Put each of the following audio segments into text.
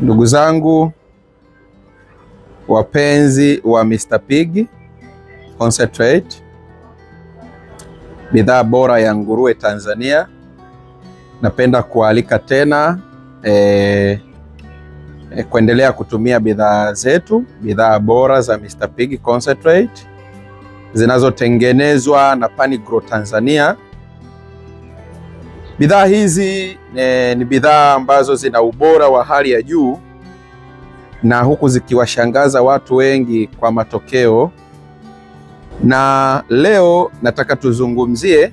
Ndugu zangu wapenzi wa Mr Pig Concentrate, bidhaa bora ya nguruwe Tanzania, napenda kualika tena e, e, kuendelea kutumia bidhaa zetu, bidhaa bora za Mr Pig Concentrate zinazotengenezwa na Panigro Tanzania. Bidhaa hizi e, ni bidhaa ambazo zina ubora wa hali ya juu na huku zikiwashangaza watu wengi kwa matokeo, na leo nataka tuzungumzie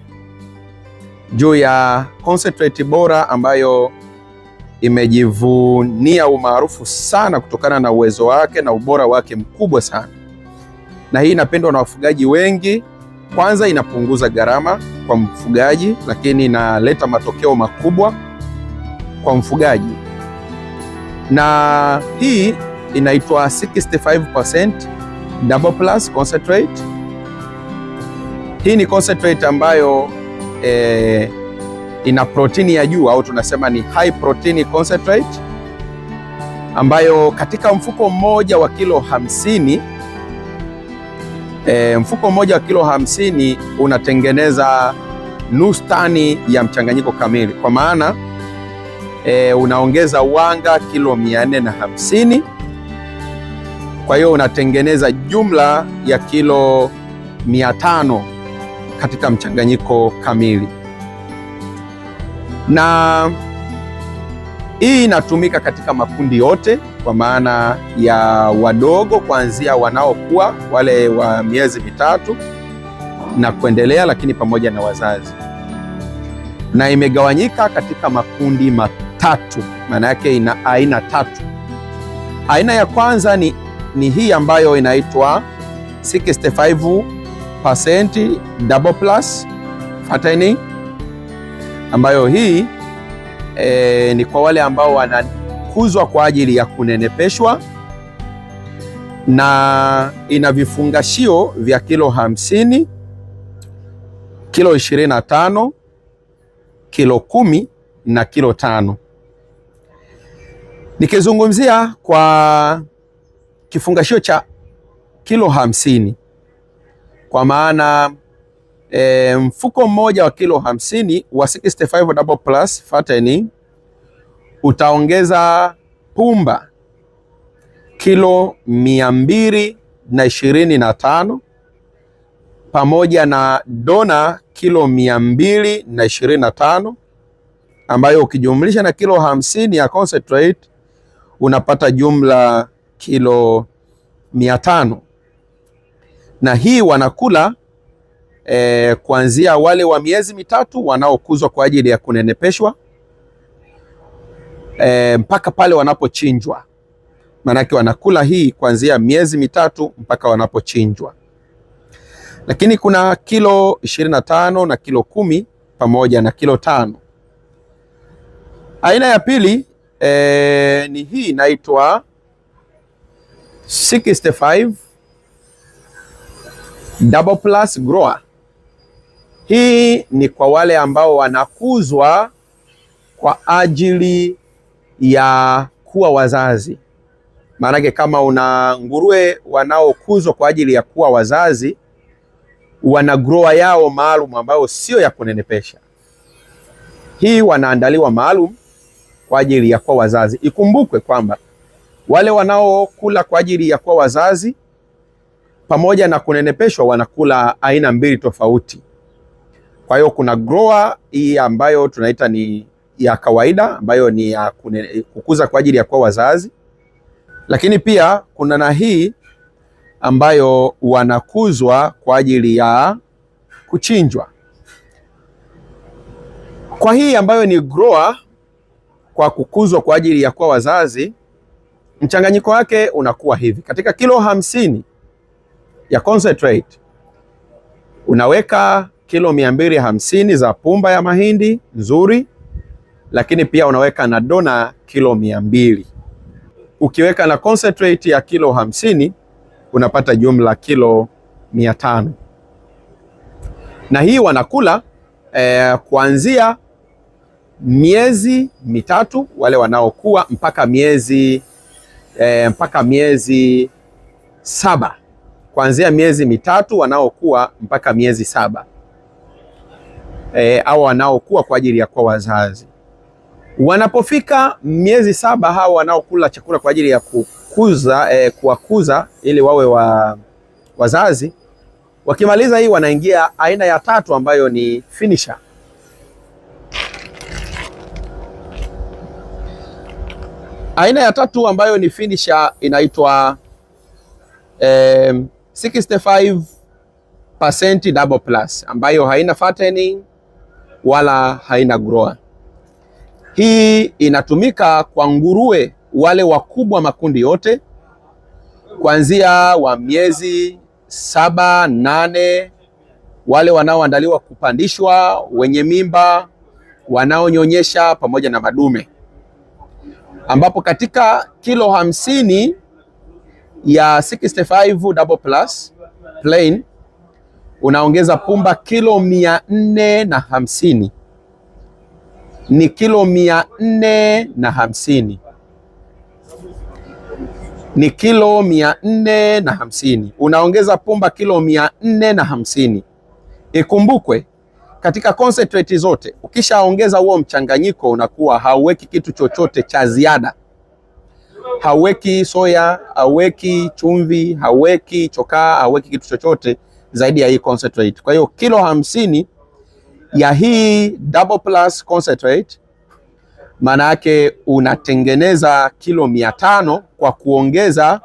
juu ya concentrate bora ambayo imejivunia umaarufu sana kutokana na uwezo wake na ubora wake mkubwa sana, na hii inapendwa na wafugaji wengi kwanza inapunguza gharama kwa mfugaji, lakini inaleta matokeo makubwa kwa mfugaji, na hii inaitwa 65% double plus concentrate. Hii ni concentrate ambayo eh, ina protini ya juu au tunasema ni high protein concentrate ambayo katika mfuko mmoja wa kilo 50 E, mfuko mmoja wa kilo hamsini unatengeneza nusu tani ya mchanganyiko kamili, kwa maana e, unaongeza wanga kilo mia nne na hamsini kwa hiyo unatengeneza jumla ya kilo mia tano katika mchanganyiko kamili na hii inatumika katika makundi yote, kwa maana ya wadogo kuanzia wanaokuwa wale wa miezi mitatu na kuendelea, lakini pamoja na wazazi, na imegawanyika katika makundi matatu. Maana yake ina aina tatu. Aina ya kwanza ni, ni hii ambayo inaitwa 65% double plus fattening ambayo hii e, ni kwa wale ambao wanakuzwa kwa ajili ya kunenepeshwa na ina vifungashio vya kilo hamsini, kilo ishirini na tano, kilo kumi na kilo tano. Nikizungumzia kwa kifungashio cha kilo hamsini, kwa maana E, mfuko mmoja wa kilo hamsini wa 65 double plus fateni utaongeza pumba kilo mia mbili na ishirini na tano pamoja na dona kilo mia mbili na ishirini na tano ambayo ukijumlisha na kilo hamsini ya concentrate unapata jumla kilo mia tano na hii wanakula e, kuanzia wale wa miezi mitatu wanaokuzwa kwa ajili ya kunenepeshwa e, mpaka pale wanapochinjwa, maanake wanakula hii kuanzia miezi mitatu mpaka wanapochinjwa. Lakini kuna kilo ishirini na tano na kilo kumi pamoja na kilo tano. Aina ya pili e, ni hii inaitwa 65 double plus grower hii ni kwa wale ambao wanakuzwa kwa ajili ya kuwa wazazi. Maanake kama una nguruwe wanaokuzwa kwa ajili ya kuwa wazazi, wana groa yao maalum ambayo sio ya kunenepesha. Hii wanaandaliwa maalum kwa ajili ya kuwa wazazi. Ikumbukwe kwamba wale wanaokula kwa ajili ya kuwa wazazi pamoja na kunenepeshwa wanakula aina mbili tofauti. Kwa hiyo kuna grower hii ambayo tunaita ni ya kawaida ambayo ni ya kukuza kwa ajili ya kuwa wazazi, lakini pia kuna na hii ambayo wanakuzwa kwa ajili ya kuchinjwa. Kwa hii ambayo ni grower kwa kukuzwa kwa ajili ya kuwa wazazi, mchanganyiko wake unakuwa hivi: katika kilo hamsini ya concentrate unaweka kilo mia mbili hamsini za pumba ya mahindi nzuri, lakini pia unaweka na dona kilo mia mbili ukiweka na concentrate ya kilo hamsini unapata jumla kilo mia tano na hii wanakula eh, kuanzia miezi mitatu wale wanaokuwa mpaka miezi eh, mpaka miezi saba kuanzia miezi mitatu wanaokuwa mpaka miezi saba eh, au wanaokuwa kwa ajili ya kuwa wazazi. Wanapofika miezi saba, hao wanaokula chakula kwa ajili ya kukuza eh, kuwakuza ili wawe wa, wazazi, wakimaliza hii wanaingia aina ya tatu ambayo ni finisher. Aina ya tatu ambayo ni finisher inaitwa eh, 65% double plus ambayo haina fattening wala haina groa. Hii inatumika kwa nguruwe wale wakubwa, makundi yote kuanzia wa miezi saba, nane, wale wanaoandaliwa kupandishwa, wenye mimba, wanaonyonyesha pamoja na madume, ambapo katika kilo hamsini ya 65 double plus plain unaongeza pumba kilo mia nne na hamsini ni kilo mia nne na hamsini ni kilo mia nne na hamsini unaongeza pumba kilo mia nne na hamsini Ikumbukwe katika concentrate zote, ukishaongeza huo mchanganyiko unakuwa hauweki kitu chochote cha ziada. Hauweki soya, hauweki chumvi, hauweki chokaa, hauweki kitu chochote zaidi ya hii concentrate. Kwa hiyo kilo hamsini ya hii double plus concentrate maana yake unatengeneza kilo mia tano kwa kuongeza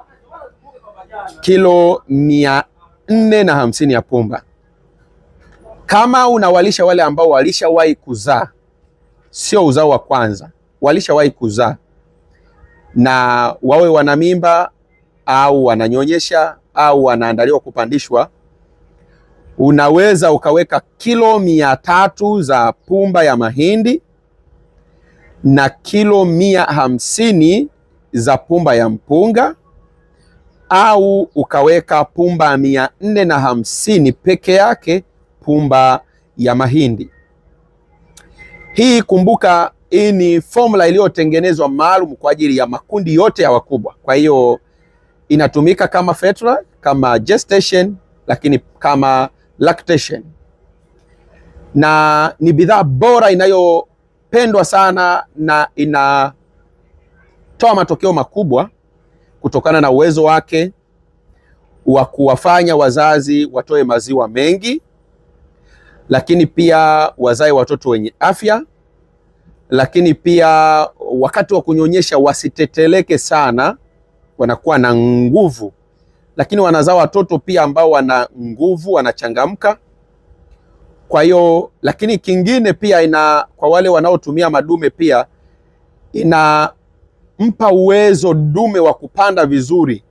kilo mia nne na hamsini ya pumba. Kama unawalisha wale ambao walishawahi kuzaa, sio uzao wa kwanza, walishawahi kuzaa na wawe wana mimba au wananyonyesha au wanaandaliwa kupandishwa unaweza ukaweka kilo mia tatu za pumba ya mahindi na kilo mia hamsini za pumba ya mpunga au ukaweka pumba mia nne na hamsini peke yake pumba ya mahindi. Hii kumbuka, hii ni formula iliyotengenezwa maalum kwa ajili ya makundi yote ya wakubwa. Kwa hiyo inatumika kama fetra, kama gestation, lakini kama lactation, na ni bidhaa bora inayopendwa sana na inatoa matokeo makubwa kutokana na uwezo wake wa kuwafanya wazazi watoe maziwa mengi, lakini pia wazae watoto wenye afya, lakini pia wakati wa kunyonyesha wasiteteleke sana, wanakuwa na nguvu lakini wanazaa watoto pia ambao wana nguvu, wanachangamka. Kwa hiyo, lakini kingine pia ina kwa wale wanaotumia madume pia inampa uwezo dume wa kupanda vizuri,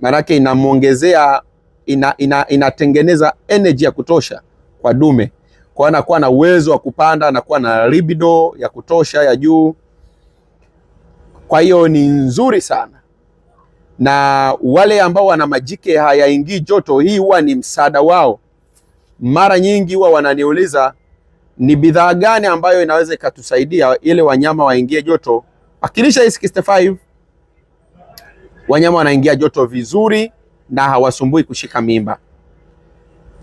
maanake inamwongezea, ina, ina, inatengeneza energy ya kutosha kwa dume, kwa anakuwa na uwezo wa kupanda, anakuwa na libido ya kutosha ya juu. Kwa hiyo ni nzuri sana na wale ambao wana majike hayaingii joto, hii huwa ni msaada wao. Mara nyingi huwa wananiuliza ni bidhaa gani ambayo inaweza ikatusaidia ile wanyama waingie joto. Akilisha hii 65 wanyama wanaingia joto vizuri na hawasumbui kushika mimba.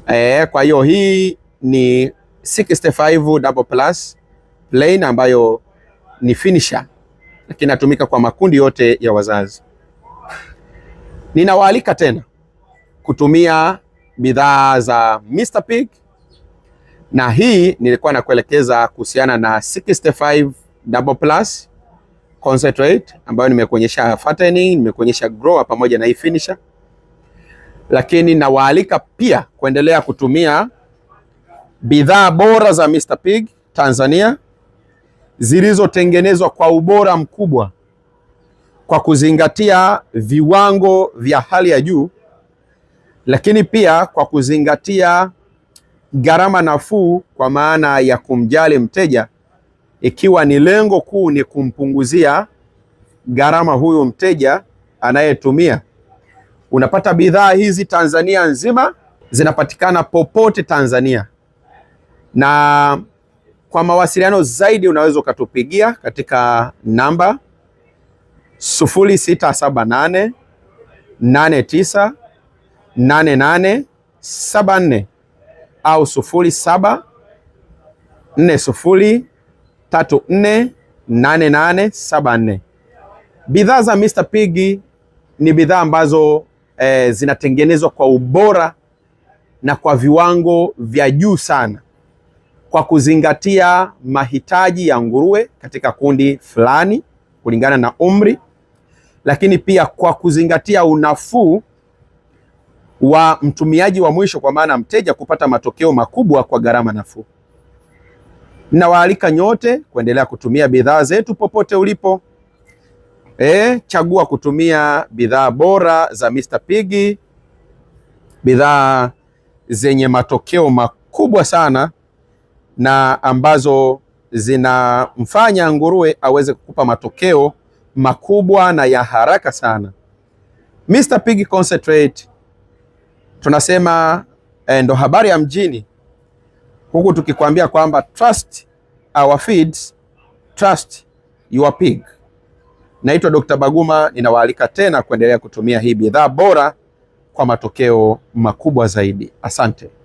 E, kwa hiyo hii ni 65 double plus plain ambayo ni finisher, lakini inatumika kwa makundi yote ya wazazi. Ninawaalika tena kutumia bidhaa za Mr Pig, na hii nilikuwa nakuelekeza kuhusiana na 65 double plus concentrate ambayo nimekuonyesha fattening, nimekuonyesha grower pamoja na hii finisher, lakini nawaalika pia kuendelea kutumia bidhaa bora za Mr Pig Tanzania zilizotengenezwa kwa ubora mkubwa kwa kuzingatia viwango vya hali ya juu, lakini pia kwa kuzingatia gharama nafuu, kwa maana ya kumjali mteja, ikiwa ni lengo kuu ni kumpunguzia gharama huyu mteja anayetumia. Unapata bidhaa hizi Tanzania nzima, zinapatikana popote Tanzania, na kwa mawasiliano zaidi unaweza ukatupigia katika namba sufuri sita saba nane nane tisa nane nane saba nne au sufuri sufuri saba nne nne tatu nane nane saba nne. Bidhaa za Mr. Pig ni bidhaa ambazo eh, zinatengenezwa kwa ubora na kwa viwango vya juu sana kwa kuzingatia mahitaji ya nguruwe katika kundi fulani kulingana na umri lakini pia kwa kuzingatia unafuu wa mtumiaji wa mwisho, kwa maana mteja, kupata matokeo makubwa kwa gharama nafuu. Nawaalika nyote kuendelea kutumia bidhaa zetu popote ulipo. E, chagua kutumia bidhaa bora za Mr. Piggy, bidhaa zenye matokeo makubwa sana na ambazo zinamfanya nguruwe aweze kukupa matokeo makubwa na ya haraka sana. Mr Pig Concentrate tunasema eh, ndo habari ya mjini, huku tukikwambia kwamba trust our feeds, trust your pig. Naitwa Dr. Baguma, ninawaalika tena kuendelea kutumia hii bidhaa bora kwa matokeo makubwa zaidi. Asante.